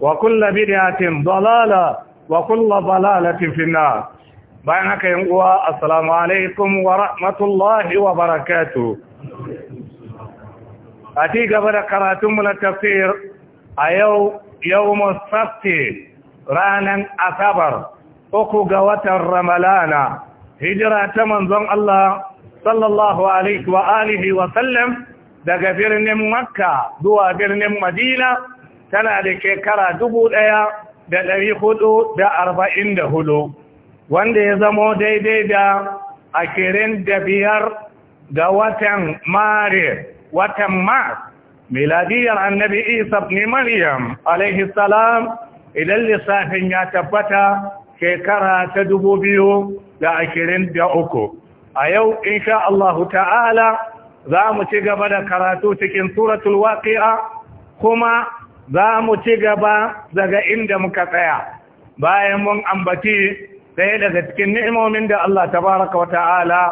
wa kulla bid'atin dalala wa kulla dalalatin finnar bayan haka yin uwa assalamu alaikum wa rahmatullahi wa barakatuh ati gaba da karatun mu na tafsir a yau yawm as-sabt asabar uku ga watan Ramadana, hijira ta manzon Allah sallallahu wa sallam daga birnin makka zuwa birnin madina tana da shekara dubu ɗaya da ɗari hudu da arba'in da hudu wanda ya zamo daidai da ashirin da biyar ga watan mare watan mars miladiyar annabi isa ne maryam alaihi idan lissafin ya tabbata shekara ta dubu biyu da ashirin da uku a yau insha Allahu ta'ala za mu ci gaba da karatu cikin suratul waqi'a kuma za mu ci gaba daga inda muka tsaya bayan mun ambaci sai daga cikin ni'imomin da Allah tabaraka wata'ala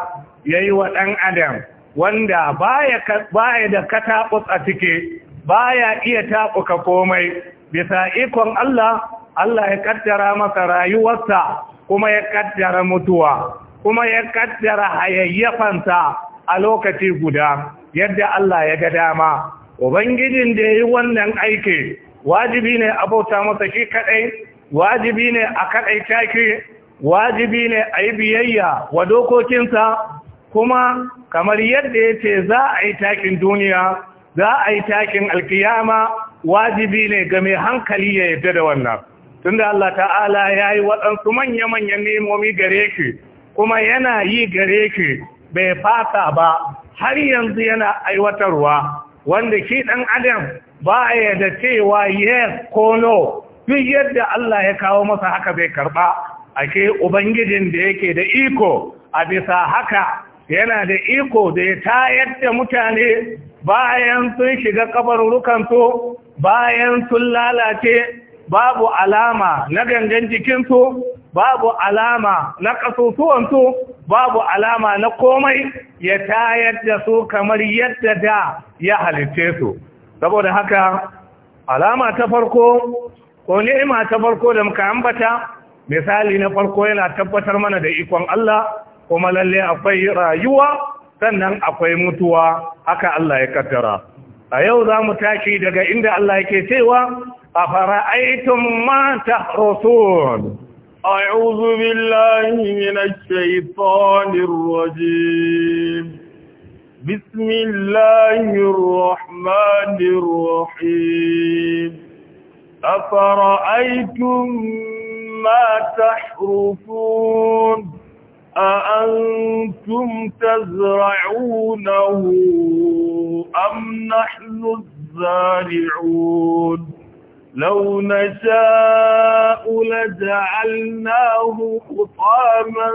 ya yi wa ɗan adam wanda baya da kataɓus a ciki baya iya taɓuka komai bisa ikon Allah Allah ya kaddara masa rayuwarsa kuma ya kaddara mutuwa kuma ya kaddara hayayyafansa a lokaci guda yadda Allah ya ga dama ubangijin da ya yi wannan aiki wajibi ne a bauta masa shi kaɗai, wajibi ne a kaɗai take wajibi ne a yi biyayya wa dokokinsa kuma kamar yadda ya ce za a yi takin duniya za a yi takin alkiyama wajibi ne ga mai hankali ya yadda da wannan tunda Allah ta'ala ya yi waɗansu manya-manyan nemomi gare ki kuma yana yi gare ki bai fasa ba har yanzu yana aiwatarwa wanda shi ɗan adam ba ya da cewa yes ko no duk yadda Allah ya kawo masa haka bai karɓa ake ubangijin da yake da iko a bisa haka yana da iko da ya tayar da mutane bayan sun shiga kabarurukansu bayan sun lalace babu alama na gangan jikinsu babu alama na su babu alama na komai ya tayar da su kamar yadda da ya halitte su saboda haka alama ta farko ko ni'ima ta farko da muka ambata misali na farko yana tabbatar mana da ikon Allah kuma lalle akwai rayuwa sannan akwai mutuwa haka Allah ya kaddara a yau za mu tashi daga inda Allah yake cewa a fara'aitum ma tahrusun أعوذ بالله من الشيطان الرجيم بسم الله الرحمن الرحيم أفرأيتم ما تحرثون أأنتم تزرعونه أم نحن الزارعون لو نشاء لجعلناه خطاما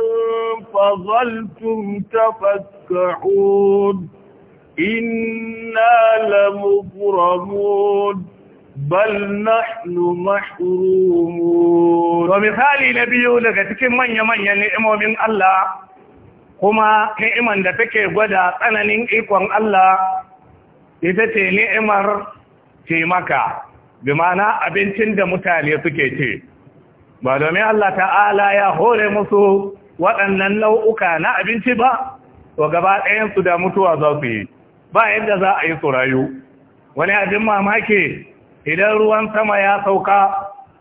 فظلتم تفكحون إنا لمغرمون بل نحن محرومون ومثالي نبي لك تكن من يمن ينعم من الله كما نعما دتك غدا tsananin ikon Allah ita ce ni'imar taimaka bi ma'ana abincin da mutane suke ce ba domin Allah ta'ala ya hore musu waɗannan nau'uka na abinci ba to gaba ɗayansu da mutuwa za su yi ba yadda za a yi su rayu wani abin mamaki idan ruwan sama ya sauka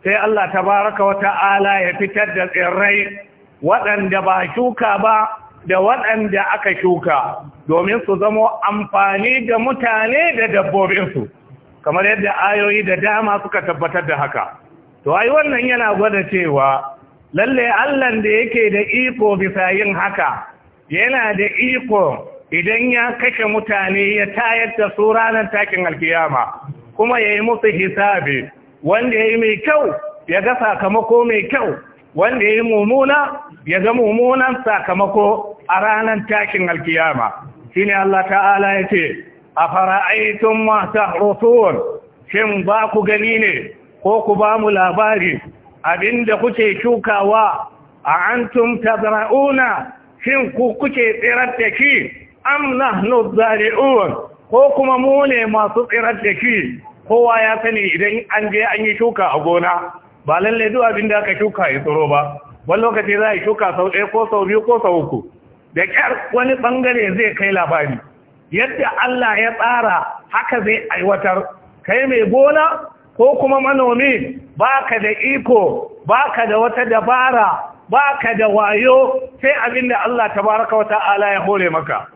sai Allah tabaraka wa ta'ala ya fitar da tsirrai waɗanda ba shuka ba da waɗanda aka shuka domin su zamo amfani da mutane da dabbobinsu kamar yadda ayoyi da dama suka tabbatar da haka to ai wannan yana gwada cewa lalle Allah da yake da iko bisa yin haka yana da iko idan ya kashe mutane ya tayar da su ranar takin alkiyama kuma ya yi musu hisabi wanda ya yi mai kyau ya ga sakamako mai kyau wanda ya yi mummuna ya ga mummunan sakamako a ranar takin alkiyama shine Allah ta'ala ya ce a fara'aitun mata rotuwar shin ba ku gani ne ko ku ba mu labari abinda kuke shukawa a antum tazra'una shin ku kuke tsirar da shi am nahnu zari'un ko kuma mu ne masu tsirar da shi kowa ya sani idan an je an yi shuka a gona ba lalle duk abinda aka shuka ya tsoro ba wani lokaci za a yi shuka sau ɗaya ko sau biyu ko sau uku da ƙyar wani ɓangare zai kai labari yadda Allah ya tsara haka zai aiwatar kai mai gona ko kuma manomi baka da iko baka da wata dabara baka da wayo sai abinda Allah tabaraka wa ta'ala ya hore maka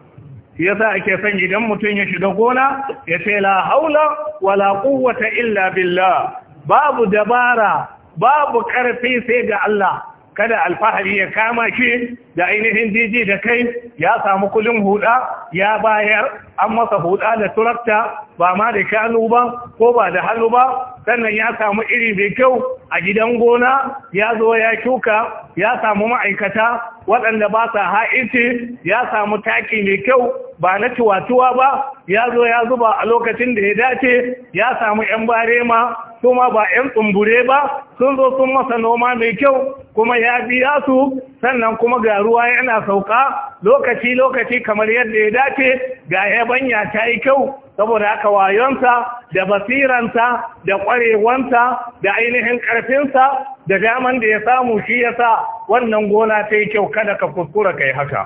yasa ake son idan mutum ya shiga gona ya ce la haula wala quwwata illa billah babu dabara babu karfi sai ga Allah kada alfahari ya kama shi da ainihin jiji da kai ya samu kulin huda ya bayar an masa huda da turakta ba ma da shanu ba ko ba da hannu ba sannan ya samu iri mai kyau a gidan gona ya zo ya shuka ya samu ma'aikata waɗanda ba sa ha'ici ya samu taki mai kyau ba na tuwatuwa ba ya zo ya zuba a lokacin da ya dace ya samu 'yan barema su ma ba 'yan tsumbure ba sun zo sun masa noma mai kyau kuma ya biya su sannan kuma ga ruwa yana sauka lokaci-lokaci kamar yadda ya dace ga yabanya ta yi kyau saboda aka wayonsa da basiransa da ƙwarewansa da ainihin ƙarfinsa da daman da ya samu shi ya sa wannan gona ta yi kyau kada ka kuskura kai haka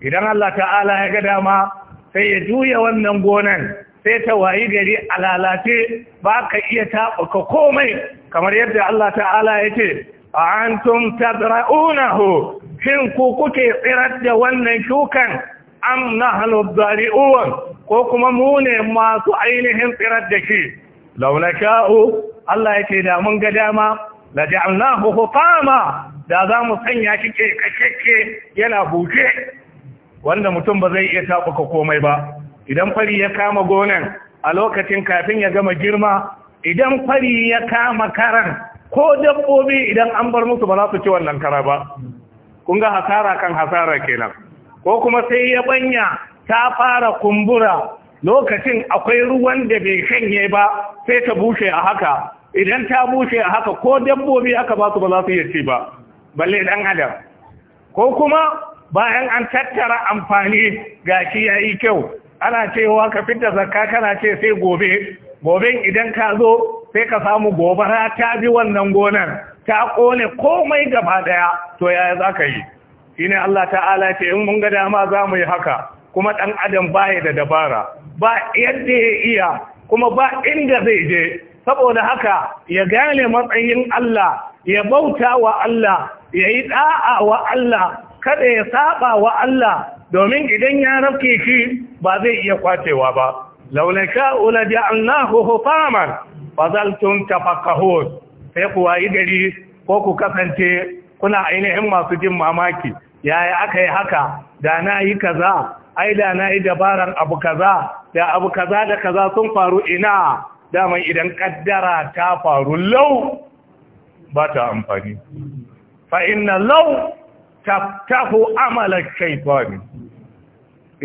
idan Allah ta'ala ya ga dama sai ya juya wannan gonan sai ta wayi gari a lalace ba ka iya taɓuka komai kamar yadda Allah ta'ala ya ce a tadraunahu shin ku kuke tsirar da wannan shukan am nahnu zari'un ko kuma mu ne masu ainihin tsirar da shi launa sha'u Allah yake da mun ga dama la ja'alnahu hutama da za mu sanya shi ke kakkake yana buke wanda mutum ba zai iya tabuka komai ba idan fari ya kama gonan a lokacin kafin ya gama girma idan fari ya kama karan ko dabbobi idan an bar musu ba za su ci wannan kara ba kun ga hasara kan hasara kenan ko kuma sai ya yabanya ta fara kumbura lokacin akwai ruwan da bai kanye ba sai ta bushe a haka idan ta bushe a haka ko dabbobi aka ba su ba za su iya ci ba balle dan adam ko kuma bayan an tattara amfani gashi yi kyau ana cewa ka fitta zakka kana ce sai gobe gobe idan ka zo sai ka samu gobara ta bi wannan gonar ta kone komai gaba daya to yaya za ka yi shine Allah ta'ala ce in mun ga dama za mu yi haka kuma ɗan adam baya da dabara ba yadda ya iya kuma ba inda zai je saboda haka ya gane matsayin Allah ya bauta wa Allah ya yi ɗa'a wa Allah kada ya saba wa Allah domin idan ya rafke shi ba zai iya kwacewa ba laula sha'u la ja'alnahu hutaman bazal tun sai ku wayi gari ko ku kasance kuna ainihin masu jin mamaki yaya aka yi haka da na yi kaza ai da na yi dabaran abu kaza da abu kaza da kaza sun faru ina daman idan kaddara ta faru lau ba ta amfani fa inna lau taftahu amalan shaytani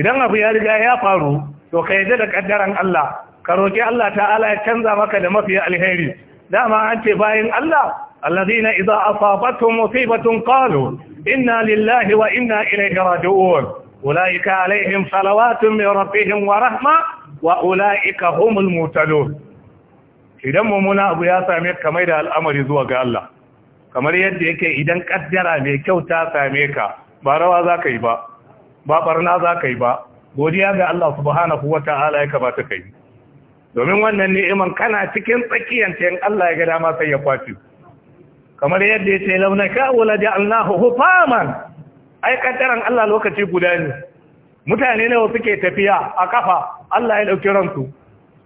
idan abu ya riga ya faru to kai da kaddaran Allah ka roƙi Allah ta'ala ya canza maka da mafi alheri dama an ce bayan Allah allazina idza asabatuhum musibatun qalu inna lillahi wa inna ilayhi raji'un ulaika alaihim salawatun min rabbihim wa rahma wa ulaika humul mutalun idan mummuna abu ya same ka mai da al'amari zuwa ga Allah kamar yadda yake idan kaddara mai kyau ta same ka ba rawa za ka yi ba ba barna za ka yi ba godiya ga Allah subhanahu wa ta'ala ya kamata ka yi domin wannan ni'imar kana cikin tsakiyar ta yin Allah ya gada dama sai ya kwafi kamar yadda ya ce launa ka'ula da Allahu hufaman ai kaddaran Allah lokaci guda ne mutane nawa suke tafiya a kafa Allah ya dauki ransu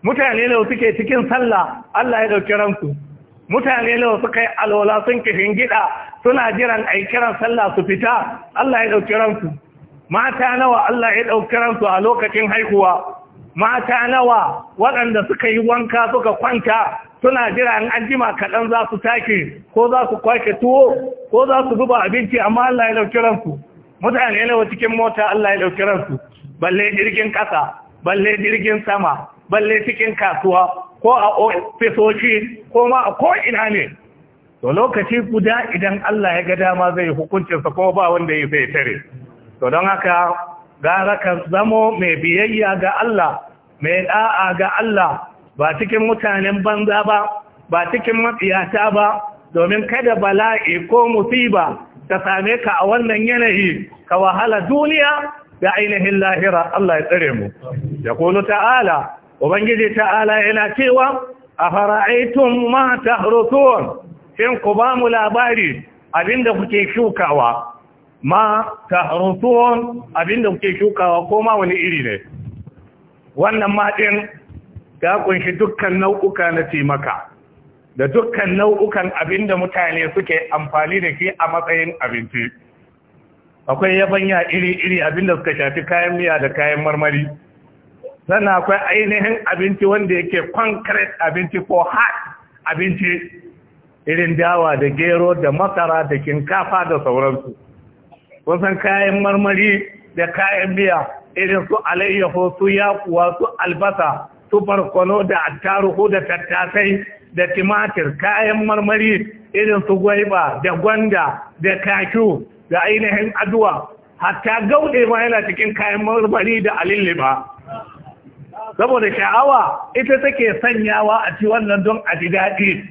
mutane nawa suke cikin sallah Allah ya dauki ransu mutane nawa suka yi alwala sun kishin gida suna jiran ai kiran sallah su fita Allah ya dauki ransu mata nawa Allah ya dauki ransu a lokacin haihuwa mata nawa waɗanda suka yi wanka suka kwanta suna jira an anjima kaɗan za su take ko za su kwake tuwo ko za su zuba abinci amma Allah ya ɗauki ransu mutane nawa cikin mota Allah ya ɗauki ransu balle jirgin ƙasa balle jirgin sama balle cikin kasuwa ko a ofisoshi ko ma a ko'ina ne to lokaci guda idan Allah ya ga dama zai hukuncinsa ko ba wanda ya zai tare to don haka gara ka zamo mai biyayya ga Allah mai da'a ga Allah ba cikin mutanen banza ba ba cikin matsiyata ba domin kada bala'i ko musiba ta same ka a wannan yanayi ka wahala duniya da ainihin lahira Allah ya tsare mu ya kulu ta'ala ubangiji ta'ala yana cewa a fara'aitun ma tahrutun shin ku ba mu labari abinda kuke shukawa ma tahrutun abinda kuke shukawa ko ma wani iri ne wannan maɗin ta kunshi dukkan nau'uka na taimaka da dukkan nau'ukan abin da mutane suke amfani da shi a matsayin abinci akwai yabanya iri-iri abin da suka shafi kayan miya da kayan marmari sannan akwai ainihin abinci wanda yake concrete abinci ko hard abinci irin dawa da gero da masara da kinkafa da sauransu wasan kayan marmari da kayan miya irin su alayyaho su yakuwa su albasa su barkono da attaruhu da tattasai da timatir kayan marmari irin su gwaiba da gwanda da kashu da ainihin aduwa hatta gaude ma yana cikin kayan marmari da alilliba saboda sha'awa ita take sanyawa a ci wannan don a ji daɗi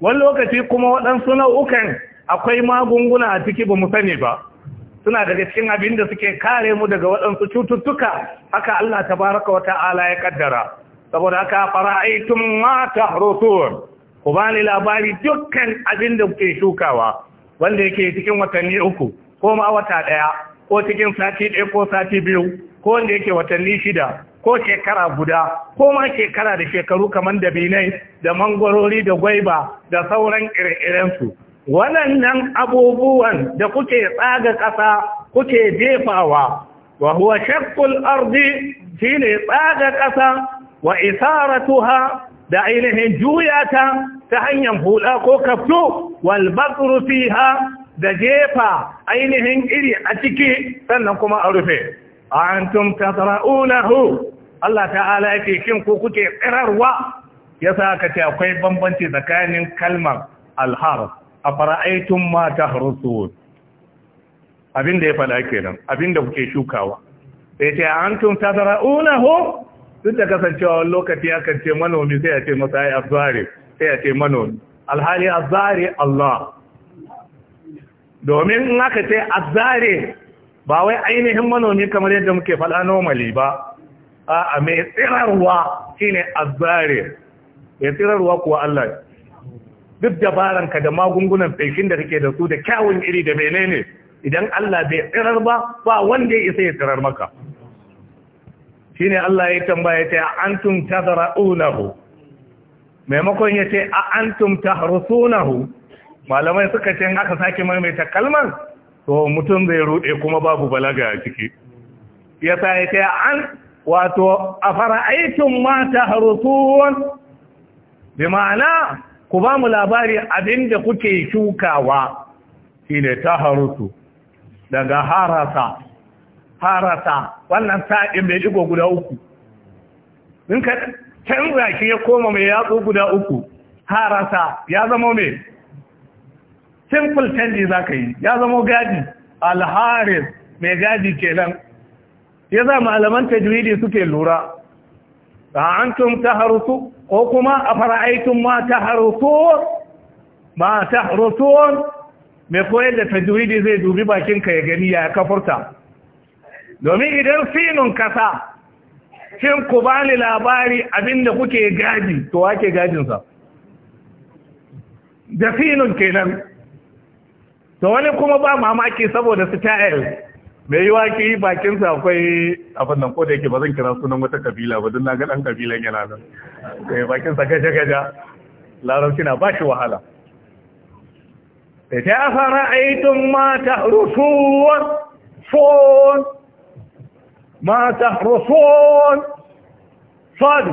wani lokaci kuma waɗansu nau'ukan akwai magunguna a ciki ba mu sani ba suna daga cikin abin da suke kare mu daga waɗansu cututtuka haka Allah ta tabaraka wa ta'ala ya kaddara saboda haka fara'aitum ma tahrusun ku bani labari dukkan abin da kuke shukawa wanda yake cikin watanni uku ko ma wata ɗaya ko cikin sati ɗaya ko sati biyu ko wanda yake watanni shida ko shekara guda ko ma shekara da shekaru kamar da binai da mangwarori da gwaiba da sauran ire-irensu waɗannan abubuwan da kuke tsaga ƙasa kuke jefawa wa huwa shakkul ardi shine tsaga ƙasa wa isaratuha da ainihin juyata ta hanyar hula ko kaftu wal basru fiha da jefa ainihin iri a ciki sannan kuma a rufe antum tasra'unahu Allah ta'ala yake kin kuke tsirarwa yasa ka ce akwai bambanci tsakanin kalmar alhar. a fara'aitun ma ta harusuwar abin da ya faɗa kenan abin da kuke shukawa sai ce hantun ta tara una ho duk da kasancewa wani lokaci akan ce manomi sai a ce masa ai zare sai a ce manomi alhali zare Allah domin in aka ce zare ba wai ainihin manomi kamar yadda muke faɗa nomali ba a mai tsirarwa shine zare. mai tsirarwa kuwa Allah duk dabaranka da magungunan feshin da kake da su da kyawun iri da menene idan Allah bai tsirar ba ba wanda ya isa ya tsirar maka shine Allah ya tambaya ta antum tazra'unahu maimakon ya ce a antum tahrusunahu malamai suka ce aka sake maimaita kalmar to mutum zai rude kuma babu balaga a ciki Ya ya ce an wato afara'aytum ma tahrusun bi ma'ana ku ba mu labari abinda kuke shukawa ta taharutu daga harasa harasa wannan sa'in bai digo guda uku in ka canza shi ya koma mai yatsu guda uku harasa ya zama mai simple canji za ka yi ya zama gadi alharis mai gadi ke nan. ya za malaman tajwidi suke lura أأنتم تهرسوا وكما أفرأيتم ma تهرسون ما تهرسون mai koyar da tajwidi zai dubi bakinka ya gani ya kafurta domin idan sinun kasa kin ku bani labari abinda kuke gaji to wake gajinsa da sinun kenan to wani kuma ba mamaki saboda style yi yiwa ki sa akwai abin nan ko da yake ba zan kira sunan wata kabila ba don na ga dan kabilan yana nan bakin sa gaja-gaja larabci na ba shi wahala ta afara aitum mata tahrusun fon mata tahrusun fon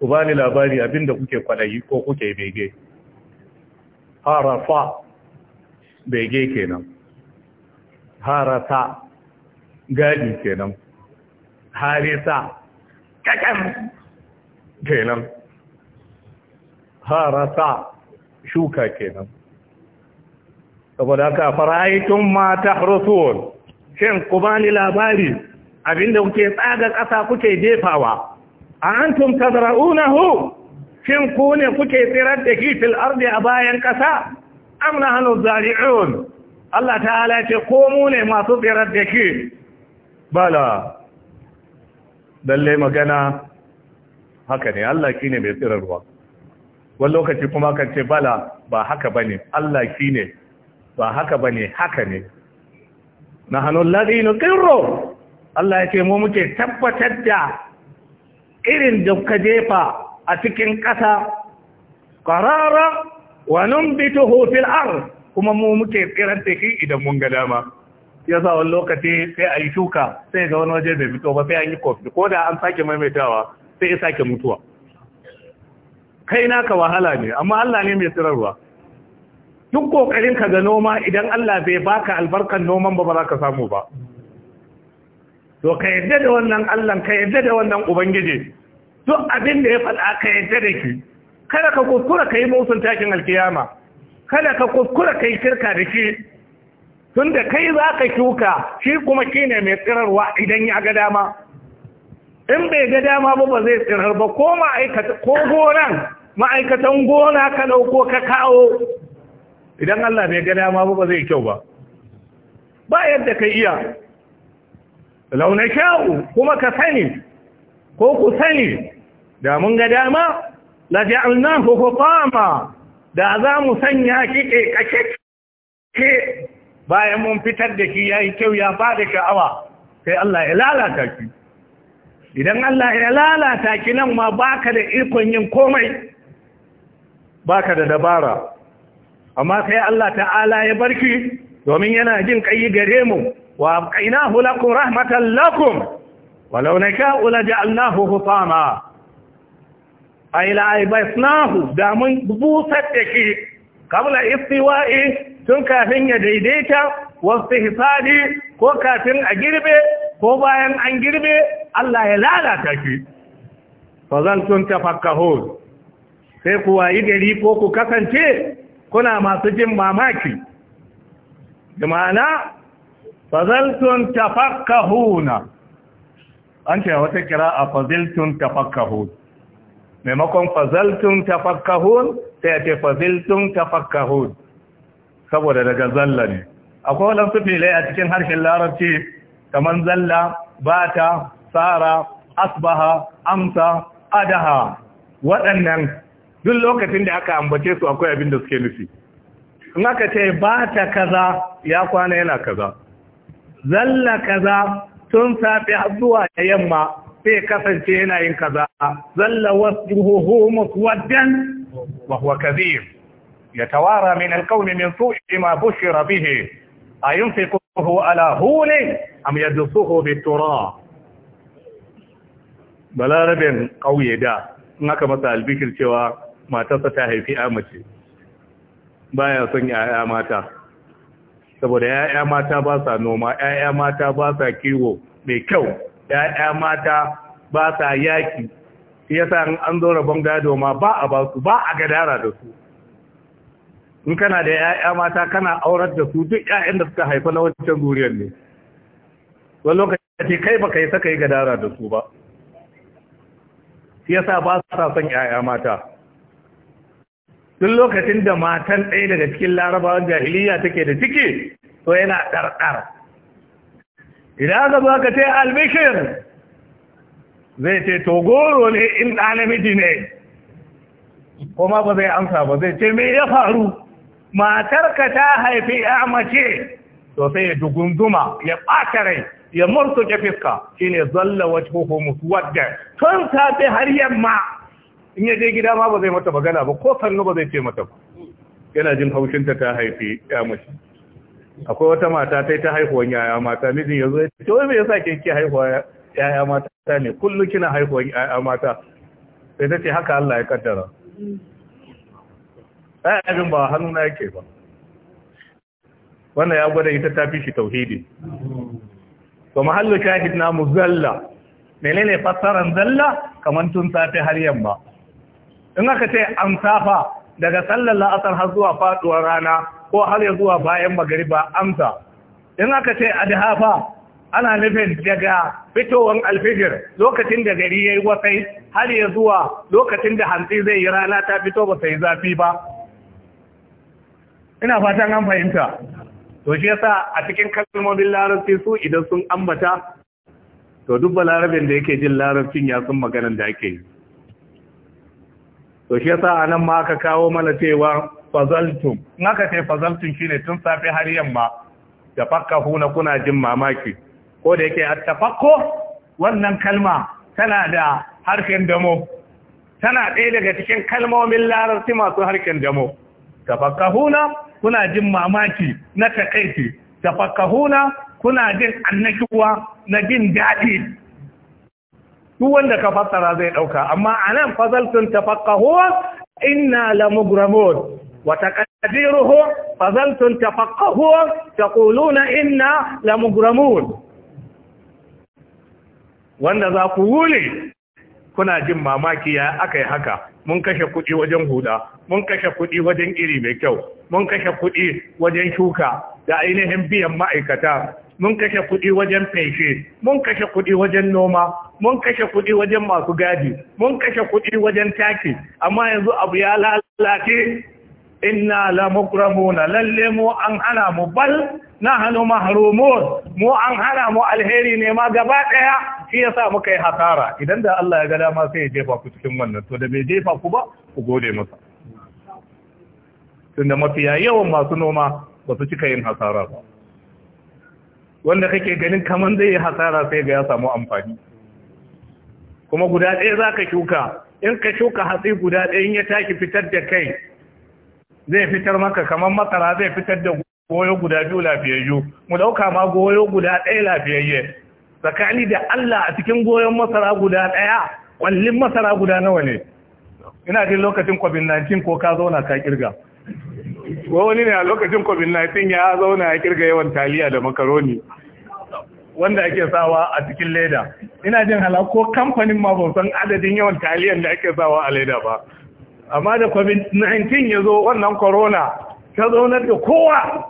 ku labari abinda kuke kwadayi ko kuke bege harafa bege kenan harasa gadi kenan harisa kakan kenan harasa shuka kenan saboda haka fara'aitun ma tahrusun shin ku bani labari abinda kuke tsaga ƙasa kuke jefawa a antum tazra'unahu shin ku ne kuke tsirar da kifil ardi a bayan ƙasa am nahnu zari'un Allah ta'ala ce ko mu ne masu tsirar da ke bala lalle magana haka ne Allah ki ne mai tsirarwa wani lokaci kuma kan ce bala ba haka ba ne Allah ki ne ba haka ba ne haka ne na hannun ladinu ƙirro Allah ya ce mu muke tabbatar da irin da ka jefa a cikin ƙasa ƙarara wa numbituhu fil arz kuma mu muke tsiran da idan mun ga dama ya sa wani lokaci sai a yi shuka sai ga wani waje bai fito ba sai an yi kofi ko da an sake maimaitawa sai ya sake mutuwa kai naka wahala ne amma Allah ne mai tsirarwa duk kokarin ka ga noma idan Allah bai baka albarkan noman ba ba za ka samu ba to ka yadda da wannan Allah ka yadda da wannan ubangiji duk abin da ya faɗa ka yadda da ki, kada ka kuskura ka yi musun takin alkiyama kada ka kuskura kai shirka da shi tun da kai za ka shuka shi kuma shi ne mai tsirarwa idan ya ga dama in bai ga dama ba ba zai tsirar ba ko gonan ma'aikatan gona ka dauko ka kawo idan Allah bai ga dama ba ba zai kyau ba ba yadda ka iya launa sha'u kuma ka sani ko ku sani da mun ga dama ko ja'alnahu fama. da za mu sanya shi ƙeƙashe ke bayan mun fitar da shi ya yi kyau ya ba da sha'awa sai Allah ya lalata shi idan Allah ya lalata ki nan ma baka da ikon yin komai baka da dabara amma sai Allah ta'ala ya barki domin yana jin kai gare mu wa qainahu lakum rahmatan lakum walau ji allahu hutama ay la aybasnahu da mun busar da shi kabla istiwa'i tun kafin ya daidaita wasu hisadi ko kafin a girbe ko bayan an girbe Allah ya lalata shi fa zaltun sai ku wayi gari ko ku kasance kuna masu jin mamaki tun faziltun tafakkahuna an ce wata kira a faziltun tafakkahuna maimakon fazaltun tafakkahun sai a ce fazaltun tafakkahun saboda daga zalla ne akwai waɗansu filai a cikin harshen larabci kamar zalla bata tsara asbaha amsa adaha waɗannan duk lokacin da aka ambace su akwai abin da suke nufi in aka ce bata kaza ya kwana yana kaza zalla kaza tun safe zuwa da yamma sai kasance yana yin kaza zalla wasjuhu muswaddan wa huwa kadhib yatawara min alqawmi min su'i ma bushira bihi ayunfiquhu ala huni am yadsuhu biturab balarabin kauye da in aka masa albikir cewa matarsa ta haifi amace baya son yaya mata saboda yaya mata ba sa noma yaya mata ba sa kiwo mai kyau ya'ya mata ba sa yaki ya in an zo rabon gado ma ba a ba su ba a gadara da su in kana da ya'ya mata kana aurar da su duk ya'yan da suka haifa na wancan zuriyar ne wani lokaci kai ba ka yi saka yi gadara da su ba Ya sa ba sa son ya'ya mata duk lokacin da matan ɗaya daga cikin larabawan jahiliya take da ciki to yana ɗarɗar idan aka zo aka ce albishir zai ce to ne in ɗanamiji namiji ne kuma ba zai amsa ba zai ce me ya faru matarka ta haifi ya mace to sai ya dugunzuma ya ɓata rai ya murtuke fiska ne zalla wacce ko wadda? tun safe har yamma in yaje gida ma ba zai mata magana ba ko sannu ba zai ce mata ba yana jin haushinta ta haifi ya mace akwai wata mata ta yi ta haihuwan yaya mata mijin ya zo ya ce wai me yasa ke ki haihuwa yaya mata ne Kullum kina haihuwan yaya mata sai ta ce haka Allah ya kaddara ai abin ba na yake ba wannan ya gwada ita ta fi shi tauhidi to mahallu shahid na muzalla menene fassaran zalla Kamar tun safe har yamma in aka ce an safa daga sallar la'asar har zuwa faduwar rana ko har ya zuwa bayan magariba amsa in aka ce adhafa ana nufin daga fitowar alfijir lokacin da gari ya yi wasai har ya zuwa lokacin da hantsi zai yi rana ta fito ba sai zafi ba ina fatan an fahimta to shi yasa a cikin kalmomin larabci su idan sun ambata to duk balarabin da yake jin larabcin ya sun maganan da ake yi to shi yasa anan ma aka kawo mana cewa fazaltum in aka ce fazaltum shine tun safe har yamma Da huna kuna jin mamaki ko da yake attafakko wannan kalma tana da harken damo tana ɗaya daga cikin kalmomin larabci masu harken damo tafakkahuna kuna jin mamaki na takaiti tafakkahuna kuna jin annakiwa na jin daɗi duk wanda ka fassara zai ɗauka amma anan fazaltun tafakkahuwa inna lamugramun وتقديره فظلتم تفقهون تقولون إنا لمغرمون wanda za ku wule kuna jin mamaki ya aka yi haka mun kashe kuɗi wajen huda mun kashe kuɗi wajen iri mai kyau mun kashe kuɗi wajen shuka da ainihin biyan ma'aikata mun kashe kuɗi wajen feshe mun kashe kuɗi wajen noma mun kashe kuɗi wajen masu gadi mun kashe kuɗi wajen taki amma yanzu abu ya lalace inna la mukramuna lalle mu an hana mu bal na nahnu mahrumun mu an hana mu alheri ne ma gaba daya shi yasa muka yi hasara idan da Allah ya ga dama sai ya jefa ku cikin wannan to da bai jefa ku ba ku gode masa tunda mafiya yawan masu noma ba su cika yin hasara ba wanda kake ganin kaman zai yi hasara sai ga ya samu amfani kuma guda ɗaya za ka shuka in ka shuka hatsi guda ɗaya in ya taki fitar da kai zai fitar maka kamar masara zai fitar da goyo guda biyu lafiyayyu mu dauka ma goyo guda ɗaya lafiyayye tsakani da Allah a cikin goyon masara guda ɗaya kwallin masara guda nawa ne ina jin lokacin covid-19 ko ka zauna ka kirga ko wani ne a lokacin covid-19 ya zauna ya kirga yawan taliya da makaroni wanda ake sawa a cikin leda ina jin hala ko kamfanin ma ban san adadin yawan taliyan da ake sawa a leda ba amma da covid-19 ya zo wannan corona ta zaunar da kowa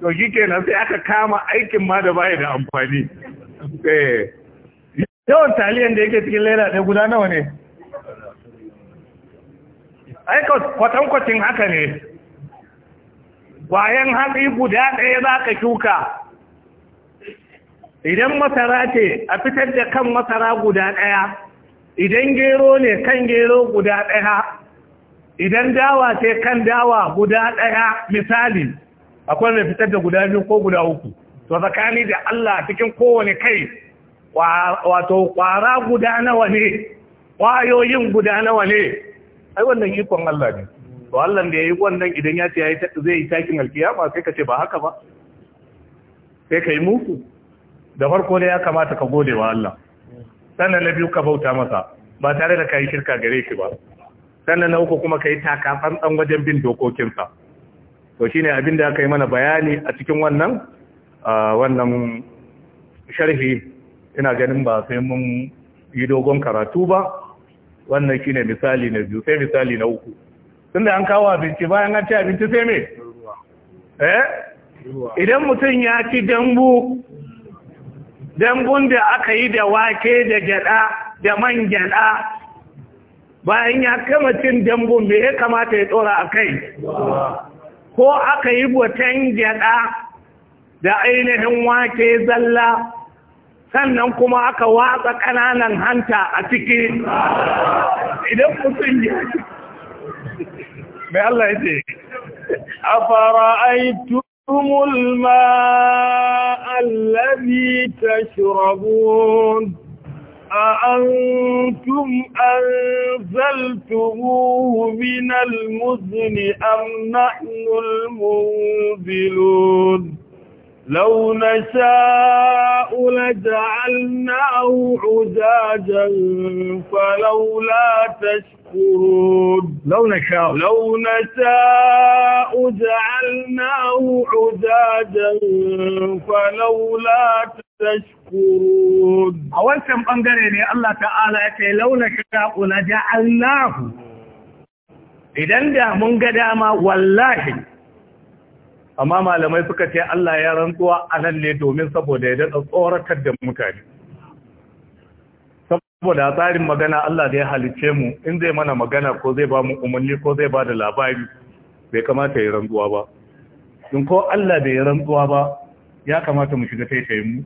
to shi kenan sai aka kama aikin ma da baya da amfani eh. yawan taliyan da yake cikin laila ɗaya guda nawa ne aika kwatankwacin haka ne bayan hatsi guda ɗaya za ka shuka idan masara ce a fitar da kan masara guda ɗaya idan gero ne kan gero guda ɗaya idan dawa ce kan dawa guda ɗaya misali akwai mai fitar da guda biyu ko guda uku to tsakani da Allah cikin kowane kai wato ƙwara guda nawa ne ƙwayoyin guda nawa ne ai wannan ikon Allah ne to Allah da ya yi wannan idan ya ce zai yi takin alkiyama sai ka ce ba haka ba sai ka yi muku da farko ne ya kamata ka gode wa Allah sannan na biyu ka bauta masa ba tare da ka yi shirka gare shi ba sannan na uku kuma ka yi takafan ɗan wajen bin dokokinsa to ne abin da aka yi mana bayani a cikin wannan wannan sharhi ina ganin ba sai mun yi dogon karatu ba wannan shi ne misali na biyu sai misali na uku da an kawo abinci bayan an ci abinci sai me eh idan mutum ya ci dambu dambun da aka yi da wake da gyada da man gyada bayan ya kama cin dambu me ya kamata ya tsora a kai ko aka yi botan gyaɗa da ainihin wake zalla sannan kuma aka watsa ƙananan hanta a ciki idan mutum ya mai Allah ya ce a mulma allabi ta shirabun أأنتم أنزلتموه من المزن أم نحن المنزلون لو نشاء لجعلناه عجاجا فلولا تشكرون لو نشاء لو نشاء جعلناه عجاجا فلولا تشكرون أولكم أنقريني الله تعالى يقول لو نشاء لجعلناه إذا ده من والله amma malamai suka ce Allah ya rantsuwa a nan ne domin saboda ya daɗa tsoratar da mutane saboda tsarin magana Allah da ya halice mu in zai mana magana ko zai ba mu umarni ko zai ba da labari bai kamata ya rantsuwa ba in ko Allah bai rantsuwa ba ya kamata mu shiga taitayin mu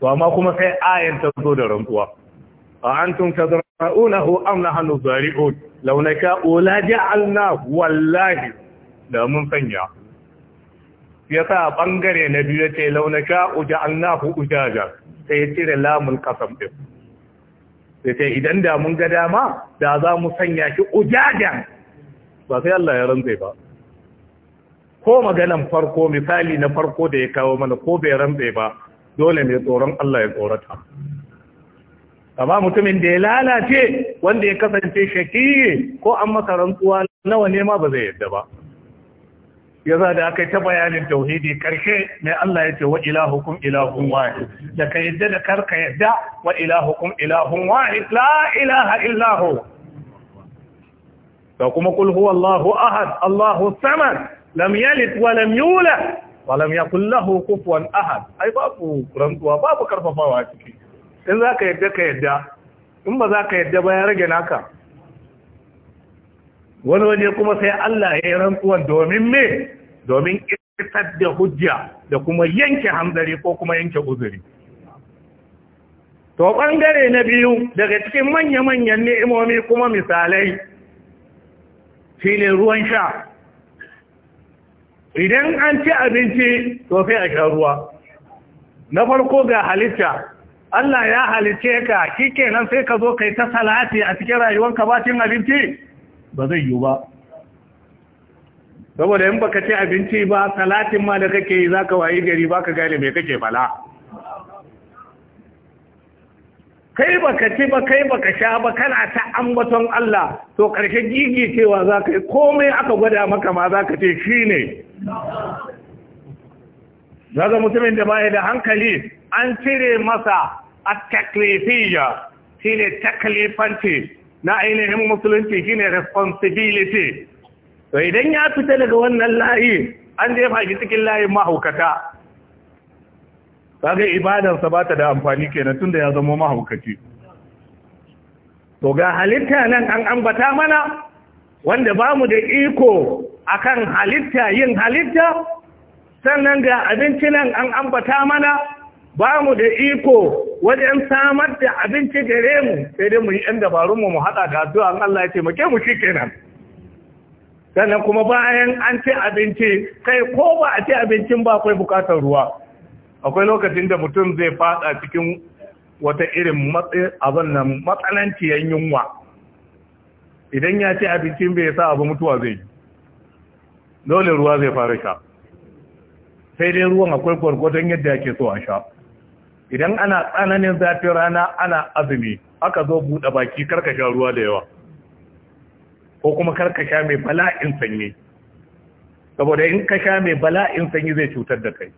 to amma kuma sai ayan ta zo da rantsuwa a antum tazra'unahu am nahnu zari'un law nasha'u la ja'alna wallahi da mun sanya ya sa ɓangare na biyu ya ce launa sha hu uja ga sai ya cire lamun kasan ɗin sai ce idan da mun ga dama da za mu sanya shi ga ba sai Allah ya rantse ba ko maganan farko misali na farko da ya kawo mana ko bai rantse ba dole mai tsoron Allah ya tsorata amma mutumin da ya lalace wanda ya kasance shakiyi ko an masa rantsuwa nawa ne ma ba zai yadda ba ya za da aka yi ta bayanin tauhidi karshe mai Allah ya ce wa ilahukum ilahun wahid da ka yadda da karka yadda wa ilahukum ilahun wahid la ilaha illahu da kuma kul huwa Allahu ahad Allahu samad lam yalid wa lam yulad wa lam yakul lahu kufuwan ahad ai babu rantsuwa babu karfafawa ciki in za ka yadda ka yadda in ba za ka yadda ba ya rage naka wani waje kuma sai Allah ya yi rantsuwan domin me domin isar da hujja da kuma yanke hanzari ko kuma yanke uzuri to ɓangare na biyu daga cikin manya-manyan ni'imomi kuma misalai shi ne ruwan sha idan an ci abinci to sai a sha ruwa na farko ga halitta Allah ya halice ka kike kenan sai ka zo ka yi ta salati a cikin ba bacin abinci ba zai yiwu ba saboda in baka ci abinci ba salatin ma da kake yi za ka wayi gari ba ka gane me kake Bala. kai baka ci ba kai baka sha ba kana ta ambaton Allah to karshe gigi cewa za ka yi komai aka gwada maka ma za ka ce ne. zaga mutumin da baya da hankali an cire masa a taklifiyya shine taklifanci na ainihin musulunci shine responsibility to idan ya fita daga wannan layi an jefa shi cikin layin mahaukata kaga ibadarsa ba ta da amfani kenan tunda ya zama mahaukaci to ga halitta nan an ambata mana wanda ba mu da iko akan halitta yin halitta sannan ga abinci nan an ambata mana ba mu da iko wajen samar da abinci gare mu sai dai mu yi ɗan dabarunmu mu haɗa da addu'a Allah ya taimake mu shi kenan sannan kuma bayan an ci abinci kai ko ba a ci abincin ba akwai bukatar ruwa akwai lokacin da mutum zai fada cikin wata irin abin nan matsananciyar yunwa idan ya ci abincin bai sa abu mutuwa zai yi dole ruwa zai fara sha sai dai ruwan akwai gwargwadon yadda ake so a sha idan ana tsananin zafin rana ana azumi aka zo buɗe baki karka ruwa da yawa ko kuma karka mai bala'in sanyi saboda in ka sha mai bala'in sanyi zai cutar da kai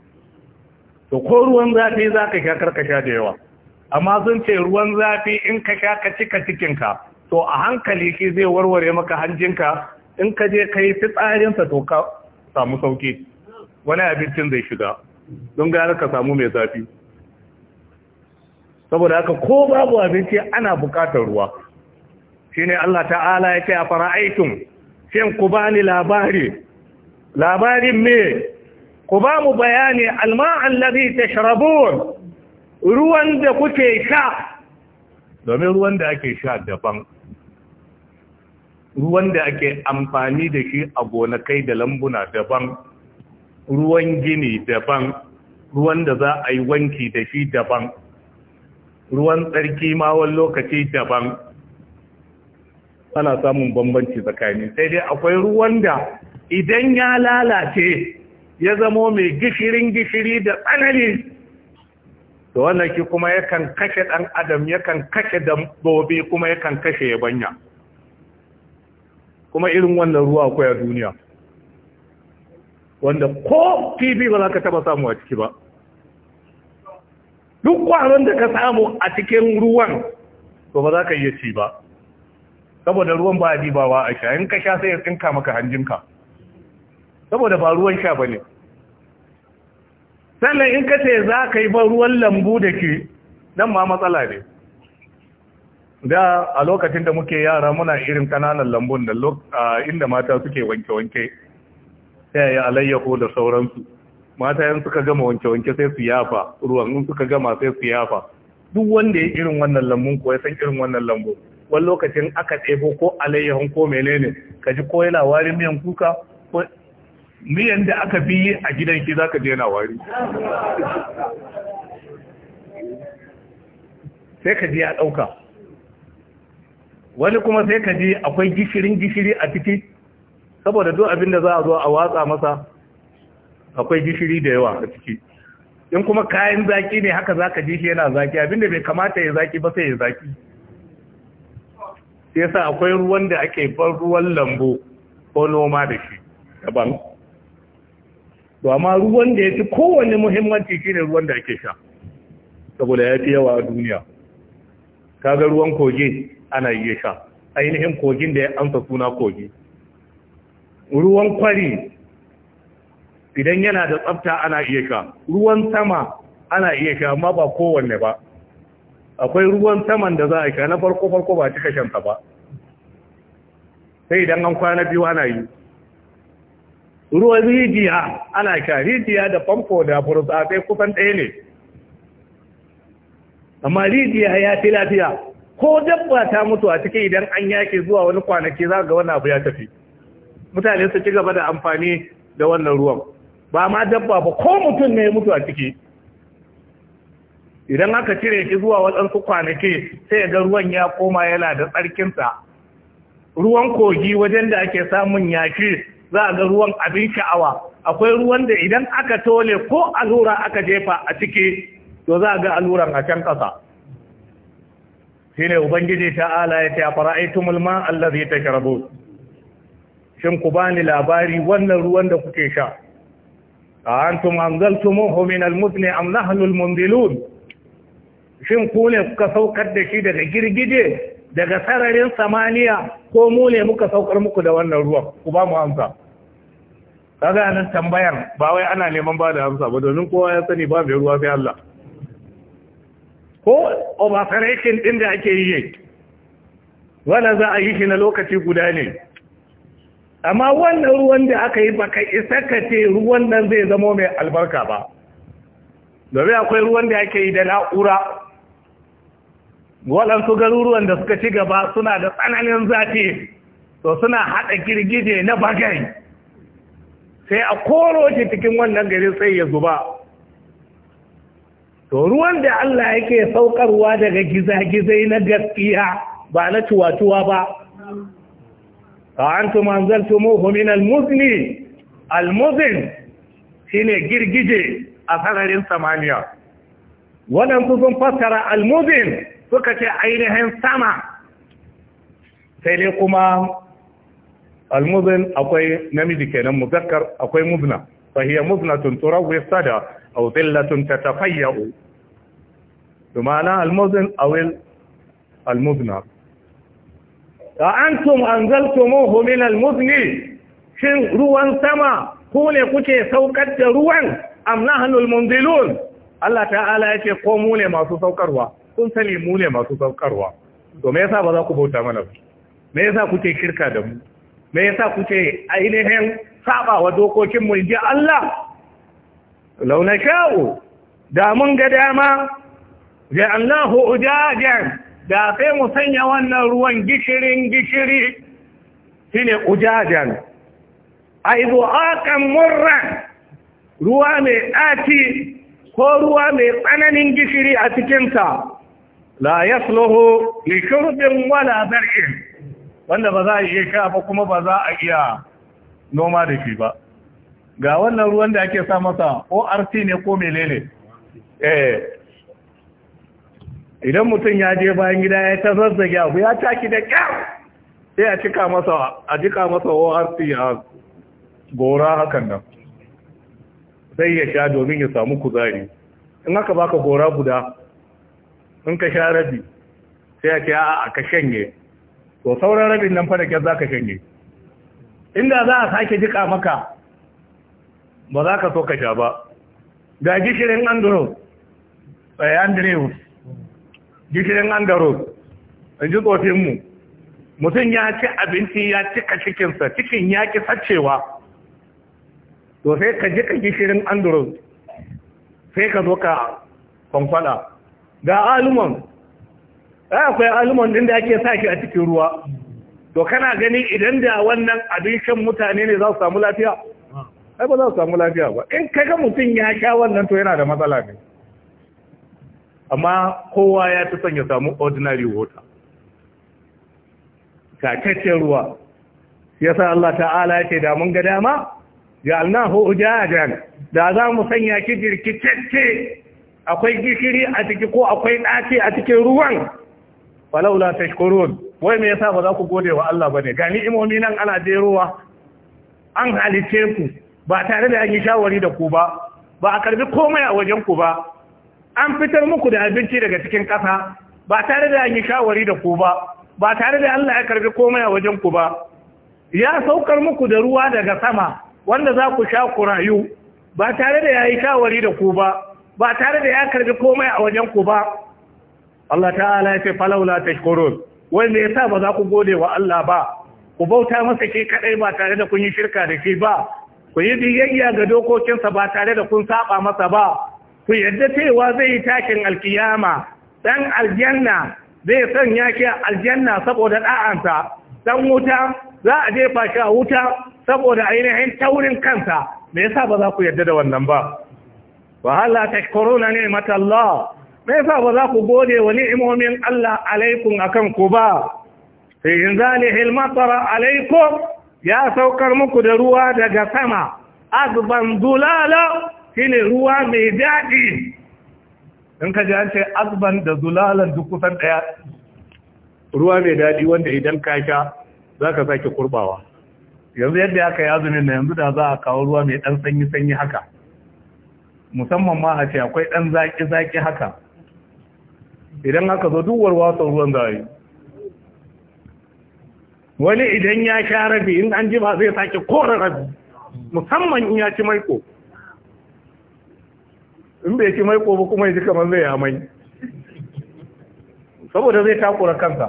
to ko ruwan zafi za ka sha karka da yawa amma sun ce ruwan zafi in ka sha ka cika cikinka to a hankali ki zai warware maka hanjinka in ka je ka yi fitsarinsa to ka samu sauki wani abincin zai shiga don gara ka samu mai zafi saboda haka ko babu abinci ana buƙatar ruwa shine Allah ta'ala ya ce a fara'aitum shin ku bani labari labarin me ku ba mu bayani alma'an ladhi tashrabun ruwan da kuke sha domin ruwan da ake sha daban ruwan da ake amfani da shi a gonakai da lambuna daban ruwan gini daban ruwan da za a yi wanki da shi daban ruwan tsarki ma wani lokaci daban ana samun bambanci tsakani sai dai akwai ruwan da idan ya lalace ya zamo mai gishirin gishiri da tsanani Da wannan ki kuma yakan kashe ɗan adam yakan kashe dabbobi kuma yakan kashe yabanya kuma irin wannan ruwa akwai a duniya wanda ko kifi ba za ka taba samu a ciki ba duk kwaron da ka samu a cikin ruwan to ba za ka iya ci ba saboda ruwan ba a dibawa a sha in ka sha sai ya tsinka maka hanjinka saboda ba ruwan sha ba ne sannan in ka ce za ka yi ba ruwan lambu da ke nan ma matsala ne da a lokacin da muke yara muna irin kananan lambun da inda mata suke wanke-wanke sai ya yi alayyaho da sauransu mata yan suka gama wanke-wanke sai su yafa ruwan in suka gama sai su yafa duk wanda ya irin wannan lambun ko ya san irin wannan lambu wani lokacin aka ɗebo ko alayyahun ko menene ka ji ko yana wari miyan kuka ko miyan da aka fi yi a gidan ki zaka je yana wari sai ka ji ya ɗauka wani kuma sai ka ji akwai gishirin gishiri a ciki saboda duk abin da za a zo a watsa masa akwai gishiri da yawa a ciki in kuma kayan zaki ne haka zaka ji shi yana zaki abinda bai kamata ya zaki ba sai ya zaki sai yasa akwai ruwan da ake ban ruwan lambu ko noma da shi daban to amma ruwan da ya kowanne kowane muhimmanci shine ruwan da ake sha saboda ya fi yawa a duniya kaga ruwan kogi ana iya sha ainihin kogin da ya amsa suna kogi ruwan kwari idan yana da tsafta ana iya sha ruwan sama ana iya sha amma ba kowanne ba akwai ruwan saman da za a sha na farko farko ba cika shansa ba sai idan an kwana biyu ana yi ruwan rijiya ana sha rijiya da famfo da burtsatsai kusan ɗaya ne amma rijiya ya fi lafiya ko dabba ta mutu a cikin idan an yake zuwa wani kwanaki za ga wani abu ya tafi mutane su ci gaba da amfani da wannan ruwan ba ma dabba ba ko mutum ne ya mutu a ciki idan aka cire shi zuwa waɗansu kwanaki sai ga ruwan ya koma yana da tsarkinsa ruwan kogi wajen da ake samun yashi za a ga ruwan abin sha'awa akwai ruwan da idan aka tole ko allura aka jefa a ciki to za a ga alluran a can ƙasa shi ne ubangiji ta'ala ya ce a ma allazi tashrabun shin ku bani labari wannan ruwan da kuke sha أنتم أنزلتموه من المزن أم نحن المنزلون shin ku ne kuka saukar da shi daga girgije daga sararin samaniya ko mu ne muka saukar muku da wannan ruwan ku ba mu amsa kaga nan tambayar ba wai ana neman ba da amsa ba domin kowa ya sani ba mai ruwa sai Allah ko operation din da ake yi wala za a yi shi na lokaci guda ne amma wannan ruwan da aka yi baka isa ka ce ruwan nan zai zama mai albarka ba domin akwai ruwan da ake yi da na'ura waɗansu garuruwan da suka ci gaba suna da tsananin zafi to suna haɗa girgije na bagai sai a koro shi cikin wannan gari sai ya zuba to ruwan da Allah yake saukarwa daga gizagizai na gaskiya ba na cuwa-cuwa ba a an tuma zaltumuhu min almuzni almuzin shine girgije a sararin samaniya waɗansu sun fassara almuzin suka ce ainihin sama sai dai kuma almuzin akwai namiji kenan muzakkar akwai muzna fahiyar muznatun turawai sada a zillatun ta tafayya'u dumana almuzin awil almuzna antum anzaltumuhu min al-muzni shin ruwan sama ko ne kuke saukar da ruwan am nahnu al mundilun Allah ta'ala yake ko mu ne masu saukarwa kun sani mu ne masu saukarwa to me yasa ba za ku bauta mana ba me yasa kuke kirka da mu me yasa kuke ainihin saba wa dokokin mu inji Allah launa sha'u da mun ga dama Allahu ujajan da sai mu sanya wannan ruwan gishirin gishiri shine ujajan a akan murran ruwa mai ɗaci ko ruwa mai tsananin gishiri a cikinsa la yasluhu li shurbin wala zar'in wanda ba za a iya sha ba kuma ba za a iya noma da shi ba ga wannan ruwan da ake sa masa ORC ne ko menene eh idan mutum ya je bayan gida ya ta zazzage abu ya taki da kyau. sai a cika masa a jika masa ORP a gora hakan nan sai ya sha domin ya samu kuzari in aka baka gora guda in ka sha rabi sai a ce a ka shanye to sauran rabin nan fara kyar za ka shanye inda za a sake jika maka ba za ka so ka sha ba ga gishirin andrews eh, andrews gishirin andaro in ji tsofinmu mutum ya ci abinci ya cika cikinsa cikin ya ki sacewa to sai ka ji ka gishirin andaro sai ka zo ka kwankwada ga aluman ai akwai aluman din da ake sa shi a cikin ruwa to kana gani idan da wannan abincin mutane ne za su samu lafiya ai ba za su samu lafiya ba in kaga mutum ya sha wannan to yana da matsala ne amma kowa ya fi son ya samu ordinary water takakken ruwa Ya yasa Allah ta'ala yake da mun ga dama Ya ja'alnahu ujajan da za mu sanya ki jirkitacce akwai gishiri a ciki ko akwai ɗaci a cikin ruwan falaula tashkurun wai me yasa ba za ku gode wa Allah bane ga ni'imomi nan ana jerowa an halice ku ba tare da an yi shawari da ku ba ba a karbi komai a wajen ku ba an fitar muku da abinci daga cikin ƙasa ba tare da an yi shawari da ku ba ba tare da Allah ya karbi komai a wajen ku ba ya saukar muku da ruwa daga sama wanda za ku sha ku rayu ba tare da ya yi shawari da ku ba ba tare da ya karbi komai a wajen ku ba Allah ta'ala ya ce falaula tashkurun wanda yasa ba za ku gode wa Allah ba ku bauta masa ke kaɗai ba tare da kun yi shirka da shi ba ku yi biyayya ga dokokinsa ba tare da kun saba masa ba ku yadda cewa zai yi takin alkiyama dan aljanna zai sanya ki aljanna saboda da'ansa dan wuta za a jefa shi a wuta saboda ainihin taurin kansa me yasa ba za ku yadda da wannan ba wa halla tashkuruna ni'mat Allah me yasa ba za ku gode wa ni'imomin Allah alaikum akan ku ba in inzalihi al-matara alaikum ya saukar muku da ruwa daga sama azban dulala ne ruwa mai daɗi in ka ji an ce azban da zulalan duk kusan ɗaya ruwa mai daɗi wanda idan ka sha za ka sake kurbawa yanzu yadda aka yi azumin na yanzu da za a kawo ruwa mai ɗan sanyi-sanyi haka musamman ma a ce akwai ɗan zaƙi-zaƙi haka idan aka zo duwar wasan ruwan za a yi wani idan ya sha rabi in an ji ba zai sake kora rabi musamman in ya ci maiko in bai ci mai ba kuma ya ji kamar zai amai saboda zai takura kansa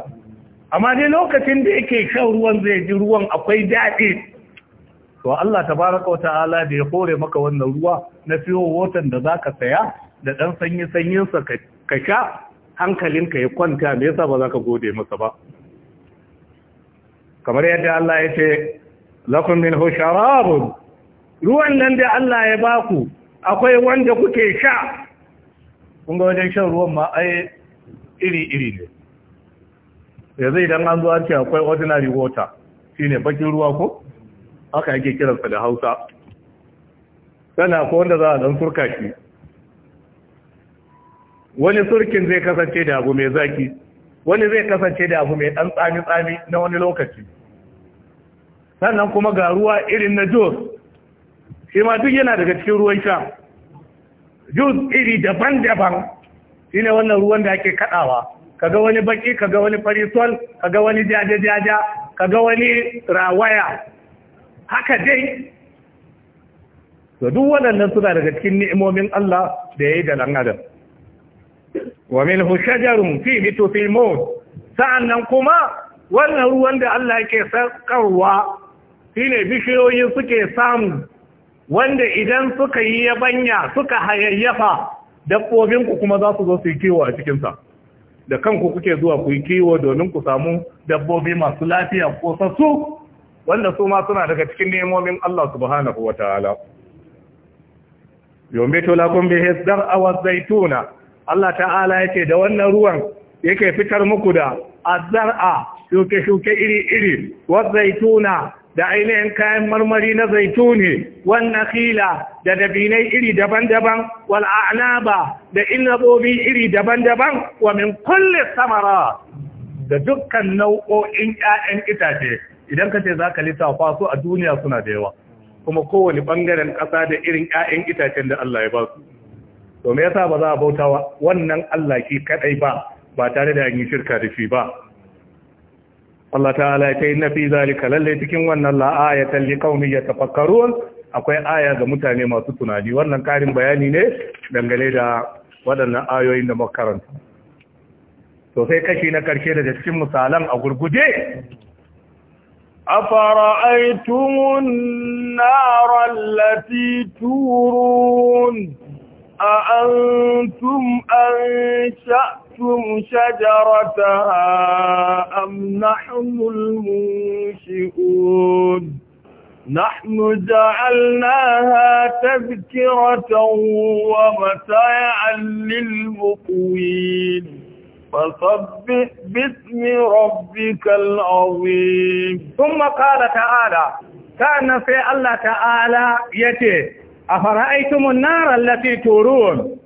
amma dai lokacin da yake shan ruwan zai ji ruwan akwai daɗi to Allah tabaraka ala da ya kore maka wannan ruwa na fiyo watan da zaka saya da dan sanyi sanyin sa ka sha hankalinka ya kwanta me yasa ba za ka gode masa ba kamar yadda Allah ya ce lakum min sharabun ruwan nan da Allah ya baku akwai wanda kuke sha kunga wajen shan ruwan ma ai iri-iri ne yanzu idan an zuwa ce akwai ordinary water shi ne bakin ruwa ko aka yake kiransa da hausa sana ko wanda za a dan surka shi wani surkin zai kasance da abu mai zaki wani zai kasance da abu mai dan tsami-tsami na wani lokaci sannan kuma ga ruwa irin na jos shi ma duk yana daga cikin ruwan sha jus iri daban-daban shi ne wannan ruwan da ake kaɗawa kaga wani baki kaga wani farisol kaga wani jaja-jaja kaga wani rawaya haka dai da duk waɗannan suna daga cikin ni'imomin Allah da ya yi da ɗan adam wa min hushajarun fi mito fi Sa'an sa'annan kuma wannan ruwan da Allah yake sarkarwa shine bishiyoyi suke samu wanda idan suka yi yabanya suka hayayyafa dabbobinku kuma za su zo su yi kiwo a cikinsa da kanku kuke zuwa ku yi kiwo domin ku samu dabbobi masu lafiya ko sassu wanda su ma suna daga cikin nemomin Allah subhanahu wa ta'ala yombeto lakum bihi awaz zaituna Allah ta'ala yake da wannan ruwan yake fitar muku da azra'a shuke-shuke iri-iri wa zaituna da ainihin kayan marmari na zaituni wannan khila da dabinai iri daban-daban wal'anaba da inabobi iri daban-daban wa min kulle samara da dukkan nau'o'in 'ya'yan itace idan ka ce za ka lissafa su a duniya suna da yawa kuma kowane ɓangaren ƙasa da irin 'ya'yan itacen da Allah ya ba su to me yasa ba za a bauta wannan Allah shi kaɗai ba ba tare da yin shirka da shi ba Allah ta'ala ya kai na fi zalika lalle cikin wannan la ayatan liqaumi yatafakkarun akwai aya ga mutane masu tunani wannan karin bayani ne dangane da waɗannan ayoyin da makaranta. karanta to sai kashi na karshe da cikin misalan a gurguje أفرأيتم النار التي تورون an sha. أَنتُمْ شَجَرَتَهَا أَمْ نَحْنُ الْمُنشِئُونَ نحن جعلناها تذكرة ومتاعا للمقوين فصبح باسم ربك العظيم ثم قال تعالى كان في الله تعالى يتي أفرأيتم النار التي تورون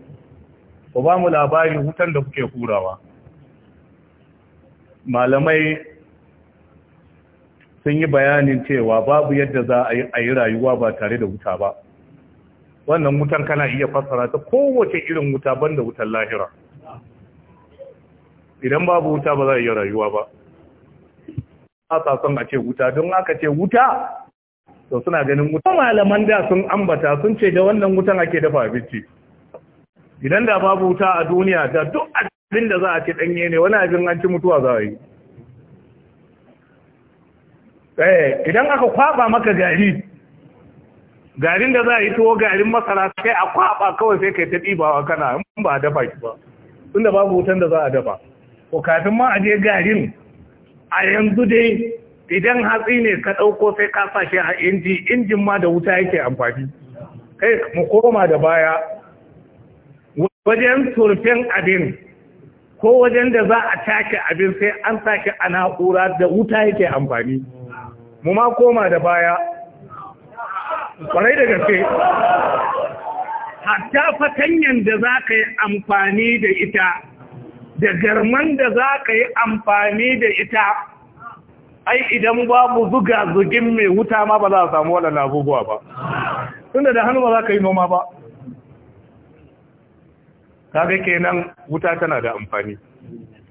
Ba ba mu labari hutan da kuke hurawa malamai sun yi bayanin cewa babu yadda za a yi rayuwa ba tare da wuta ba wannan wutan kana iya fassara ta kowace irin wuta banda wutan lahira idan babu wuta ba za a iya rayuwa ba a sason a ce wuta don aka ce wuta to suna ganin wuta malaman da sun ambata sun ce da wannan wutan ake dafa abinci idan da babu wuta a duniya da duk abin da za a ci danye ne wani abin an ci mutuwa za a yi eh, idan aka kwaba maka gari garin da za a yi tuwo garin masara sai a kwaba kawai sai kai ta ɗibawa kana in ba a dafa shi ba tunda babu wutan da za a dafa ko kafin ma a je garin a yanzu dai idan hatsi ne ka ɗauko sai ka sashe a inji injin ma da wuta yake amfani kai mu koma da baya wajen turfin abin ko wajen da za a take abin sai an sake a na'ura da wuta yake amfani mu ma koma da baya kwarai da gaske hatta fatanyan da za ka yi amfani da ita da garman da za ka yi amfani da ita ai idan babu zuga zugin mai wuta ma ba za a samu wadanda abubuwa ba tunda da hannu ba za ka yi noma ba kaga kenan wuta tana da amfani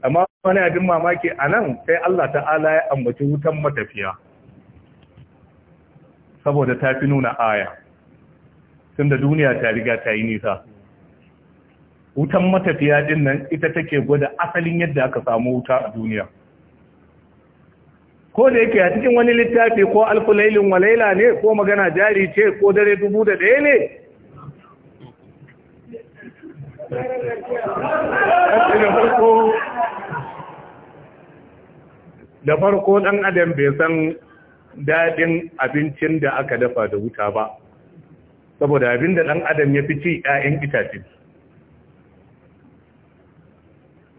amma wani abin mamaki a nan sai Allah ta'ala ya ambaci wutan matafiya saboda ta fi nuna aya tun da duniya ta riga ta yi nisa wutan matafiya din nan ita take gwada asalin yadda aka samu wuta a duniya ko da yake a cikin wani littafi ko alfulailin walaila ne ko magana jari ce ko dare dubu da ɗaya ne da farko ɗan adam bai san daɗin abincin da aka dafa da wuta ba saboda abinda dan adam ya fi ci ‘ya'yan itace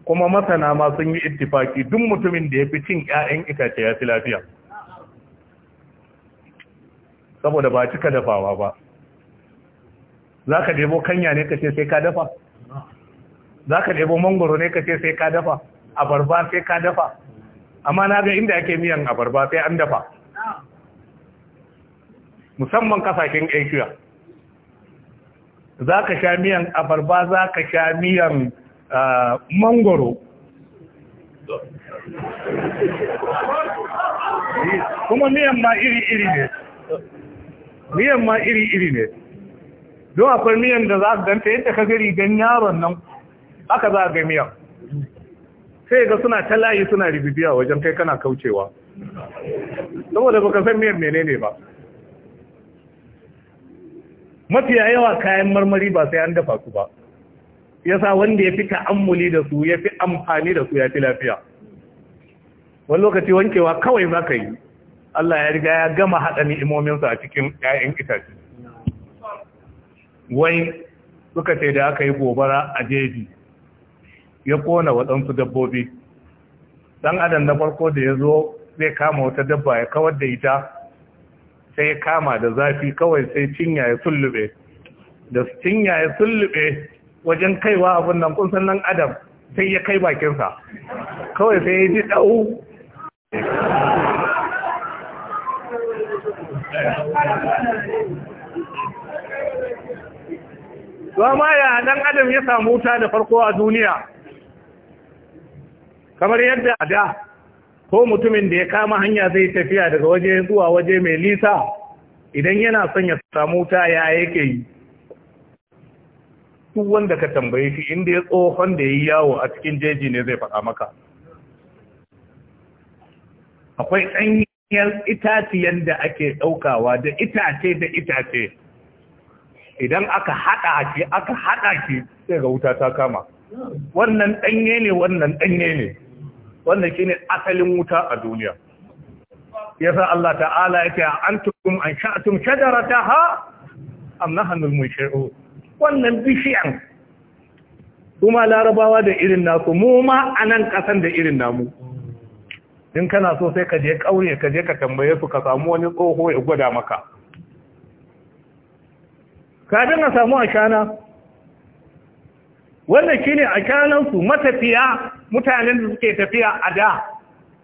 kuma masana ma sun yi ittifaki duk mutumin da ya fi cin ‘ya'yan itace ya fi lafiya saboda ba cika dafawa ba za ka debo kanya ne kace sai ka dafa za ka ɗebo mangoro ne ka ce sai ka dafa abarba sai ka dafa amma na ga inda ake miyan abarba sai an dafa musamman kasashen asia za ka sha miyan abarba za ka sha miyan ah, mangoro kuma miyan ma iri-iri ne miyan ma iri-iri ne don akwai miyan da za a ganta yadda ka gari gan yaron nan haka za a ga miya sai ga suna ta layi suna ribibiya wajen kai kana kaucewa saboda baka san miyan menene ba mafiya yawa kayan marmari ba sai an dafa su ba yasa wanda ya fi ta'ammuli da su ya fi amfani da su ya fi lafiya wani lokaci wankewa kawai za ka yi Allah ya riga ya gama haɗa ni'imominsa a cikin 'ya'yan itace wai suka ce da aka yi gobara a jeji ya kona waɗansu dabbobi ɗan adam na farko da ya zo zai kama wata dabba ya kawar da ita sai ya kama da zafi kawai sai cinya ya sullube da cinya ya sullube wajen kaiwa abin nan kun san nan adam sai ya kai bakinsa kawai sai ya ji ɗau Zama ya ɗan adam ya samu wuta da farko a duniya kamar yadda a da ko mutumin da ya kama hanya zai tafiya daga waje zuwa waje mai lisa idan yana son ya samu ta ya yake yi duk wanda ka tambaye shi inda ya tsohon da ya yi yawo a cikin jeji ne zai faɗa maka akwai ɗanyen itaciyar da ake ɗaukawa da itace da itace idan aka haɗa shi aka haɗa sai ga wuta ta kama wannan ɗanye ne wannan ɗanye ne wannan shine asalin wuta a duniya yasa Allah ta'ala yake antum ansha'tum shajarataha am nahnu al-munshi'un wannan bishiyan kuma larabawa da irin naku mu ma anan kasan da irin namu in kana so sai ka je kauye ka je ka tambaye su ka samu wani tsoho ya gwada maka ka a samu ashana wannan shine ashanan su matafiya mutanen da suke tafiya a da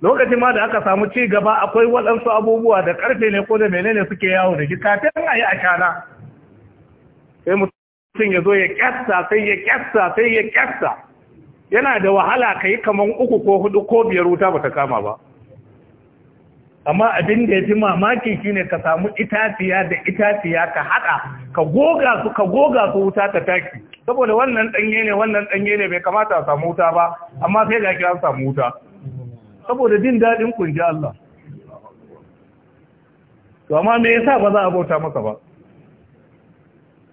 lokacin ma da aka samu ci gaba akwai waɗansu abubuwa da ƙarfe ne ko da menene suke yawo da shi kafin a yi a shana sai mutum ya zo ya kyasta sai ya kyasta sai ya kyasta yana da wahala ka yi kamar uku ko hudu ko biyar wuta ba ta kama ba amma abin da ya fi mamaki shine ka samu itaciya da itaciya ka haɗa ka goga su ka goga su wuta ta taki saboda wannan ɗanye ne wannan ɗanye ne bai kamata a samu wuta ba amma sai ga an samu wuta saboda jin daɗin kunji Allah to amma me yasa ba za a bauta masa ba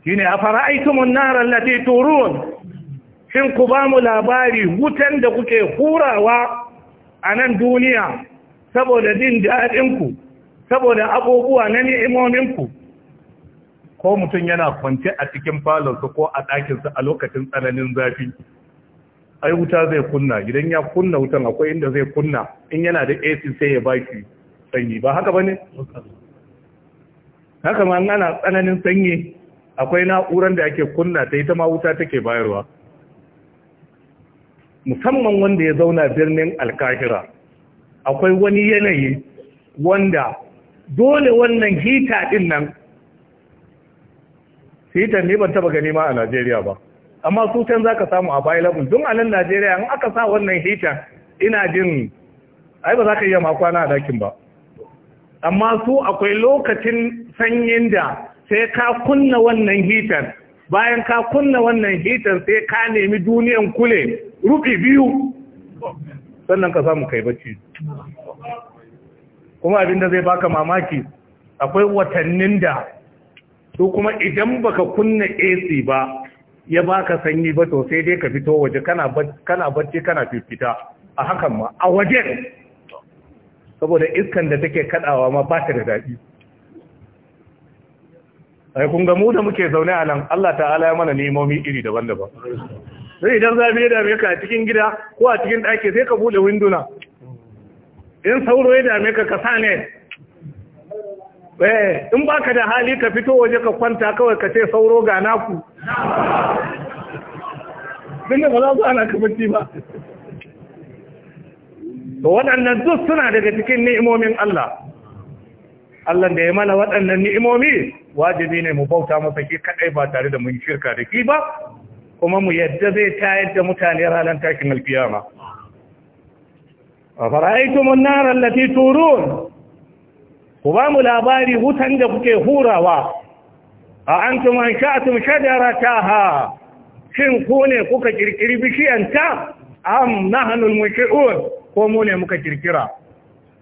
shine a fara'aikumun nar allati turun shin ku ba mu labari wutan da kuke hurawa a nan duniya saboda jin daɗinku saboda abubuwa na ni'imominku ko mutum yana kwance a cikin falonsa ko a ɗakinsa a lokacin tsananin zafi ai wuta zai kunna idan ya kunna wutan akwai inda zai kunna in yana da ac sai ya baki sanyi ba haka ba ne? haka ma ana tsananin sanyi akwai na'uran da ake kunna ta ita ma wuta take bayarwa musamman wanda ya zauna birnin alkahira akwai wani yanayi wanda dole wannan hita din nan hita ne ban taba gani ma a Najeriya ba amma su can zaka samu a available don a nan Najeriya in aka sa wannan hita ina jin ai ba za ka iya makwana a dakin ba amma su akwai lokacin sanyin da sai ka kunna wannan hitan bayan ka kunna wannan hitan sai ka nemi duniyan kule rufi biyu sannan ka samu kai bacci kuma abinda zai baka mamaki akwai watannin da su kuma idan baka kunna AC ba ya baka sanyi ba to sai dai ka fito waje kana kana bacci kana fifita a hakan ma a waje saboda iskan da take kadawa ma ba ta da dadi ai kun ga mu da muke zaune a nan Allah ta'ala ya mana nemomi iri daban-daban sai idan zafi ya dame ka a cikin gida ko a cikin ɗaki sai ka buɗe winduna in sauro ya dame ka kasa ne ne eh, in ba da hali ka fito waje ka kwanta kawai ka ce sauro ga naku din ba za su ana ka ba to waɗannan duk suna daga cikin ni'imomin Allah Allah da ya mana waɗannan ni'imomi wajibi ne mu bauta masa ke kaɗai ba tare da mun shirka da ki ba kuma mu yadda zai tayar da mutane ranar tashin alfiyama a mun lati turun ku ba mu labari hutan da kuke hurawa a an tuman sha'atun shadara ta ha shin ku ne kuka kirkiri bishiyanta am nahanul mushi'un ko mu ne muka kirkira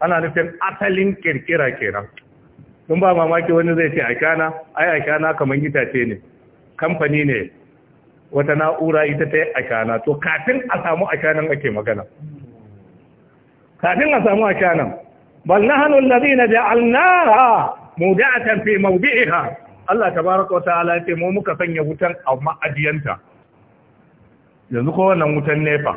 ana nufin asalin kirkira kenan Tun ba mamaki wani zai ce a ai a kamar kamar itace ne kamfani ne wata na'ura ita ta yi ashana to kafin a samu ashanan ake magana kafin a samu ashanan bal nahnu alladhina ja'alnaha mudatan fi mawdi'iha Allah tabaaraka wa ta'ala ya ce mu muka sanya wutan a ma'ajiyanta yanzu ko wannan wutan nefa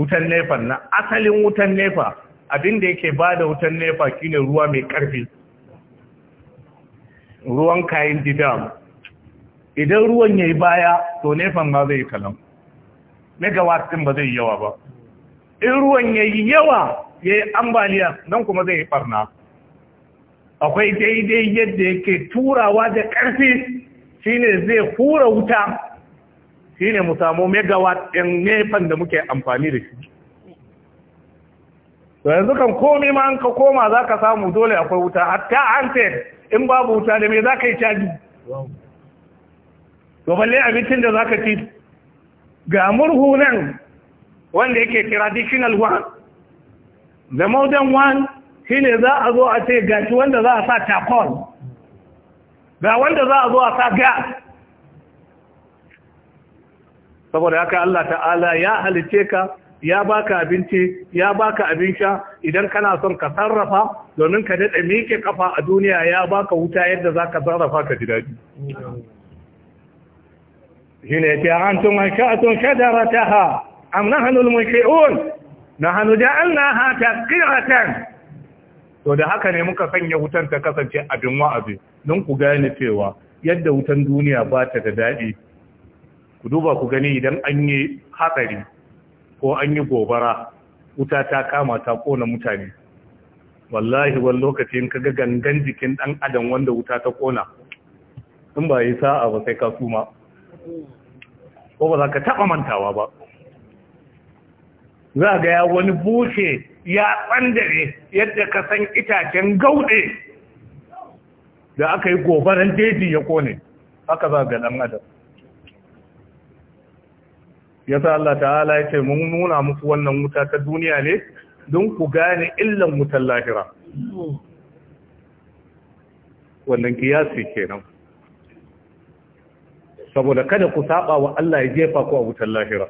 wutan nefa na asalin wutan nefa abin da yake bada wutan nefa shine ruwa mai karfi ruwan kayan didam idan ruwan yayi baya to nefan ma zai kalam megawatt din ba zai yawa ba in ruwan yayi yawa yayi ambaliya nan kuma zai barna akwai daidai yadda yake turawa da ƙarfi shine zai hura wuta shine mu samu megawatt ɗin nefan da muke amfani da shi to yanzu kan komai ma an ka koma za ka samu dole akwai wuta hatta an in babu wuta da me za ka yi caji to balle abincin da zaka ci ga murhu nan wanda yake traditional one the modern one shine za a zo a ce shi wanda za a sa charcoal ga wanda za a zo a sa gas saboda haka Allah ta'ala ya halice ka ya baka abinci ya baka abin sha idan kana son ka sarrafa domin ka dade miƙe kafa a duniya ya baka wuta yadda zaka sarrafa ka ji daɗi shi ne ce an tun mankatun kadarata ha am na hannun mulki'un na hannu da an na ha ta kiratan to da haka ne muka sanya wutan ta kasance abin wa'azi don ku gane cewa yadda wutan duniya ba ta da daɗi ku duba ku gani idan an yi hatsari ko an yi gobara wuta ta kama ta kona mutane wallahi wani lokacin in kaga gangan jikin ɗan adam wanda wuta ta kona in ba yi sa'a ba sai ka suma ko ba za ka taɓa mantawa ba za ga ya wani bushe ya ɓandare yadda ka san itacen gauɗe da aka yi gobaran daji ya kone haka za ga dan adam ya sa Allah ta'ala ya ce mun nuna muku wannan wuta ta duniya ne don ku gane illan wutan lahira wannan kiyasi kenan saboda kada ku saba wa Allah ya jefa ku a wutar lahira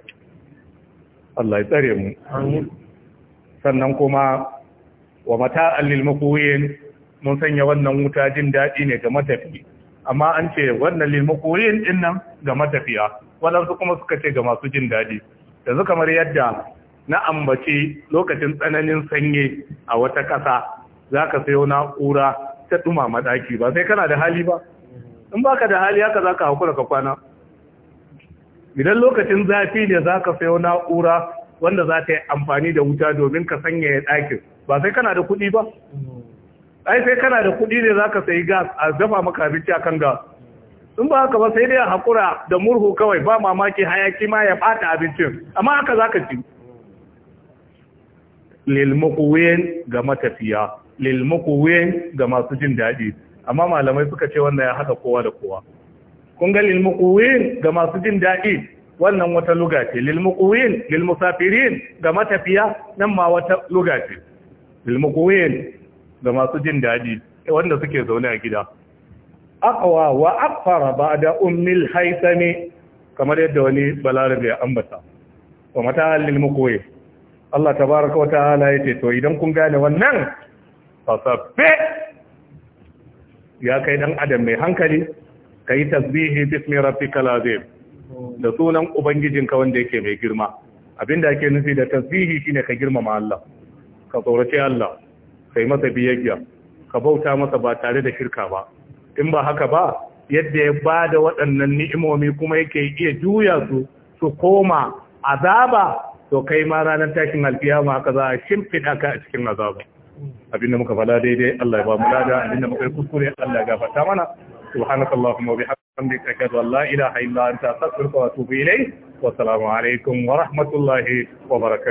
Allah ya tsare mu sannan kuma wa mata'an lil muqwin mun sanya wannan wuta jin dadi ne ga matafi amma an ce wannan lil muqwin din nan ga matafiya wadansu kuma suka ce ga masu jin dadi yanzu kamar yadda na ambaci lokacin tsananin sanyi a wata ƙasa zaka sayo na'ura ta duma madaki ba sai kana da hali ba in ka da hali haka za ka hakura ka kwana idan lokacin zafi ne za ka sayo na'ura wanda za ta yi amfani da wuta domin ka sanya ya ɗakin ba sai kana da kuɗi ba ai sai kana da kuɗi ne za ka sayi gas a dafa maka abinci a kan gas in ba haka ba sai dai haƙura da murhu kawai ba mamaki hayaki ma ya ɓata abincin amma haka za ka ci lil ga matafiya lil ga masu jin daɗi amma malamai suka ce wannan ya haɗa kowa da kowa kun ga lilmuquwin ga masu jin daɗi wannan wata luga ce lilmuquwin lilmusafirin ga matafiya nan ma wata luga ce lilmuquwin ga masu jin daɗi wanda suke zaune a gida aqwa wa aqfara ba'da ummil haythami kamar yadda wani balarabe ya ambata wa mata lilmuquwin Allah tabaraka wa ta'ala yace to idan kun gane wannan fasaffe ya kai dan adam mai hankali ka yi tasbihi bismi rabbika azim da sunan ubangijinka wanda yake mai girma abinda ake nufi da tasbihi shine ka girmama Allah ka tsorace Allah kai masa biyayya ka bauta masa ba tare da shirka ba in ba haka ba yadda ya bada waɗannan ni'imomi kuma yake iya juya su su koma azaba to kai ma ranar tashin alkiyama haka za a shimfiɗa ka a cikin azaba abinda muka fada daidai Allah ya ba mu lada abinda muka yi kuskure Allah ya gafarta mana subhanakallahumma wa bihamdika ashhadu an la ilaha illa anta astaghfiruka wa atubu ilayk wa assalamu alaikum wa rahmatullahi wa barakatuh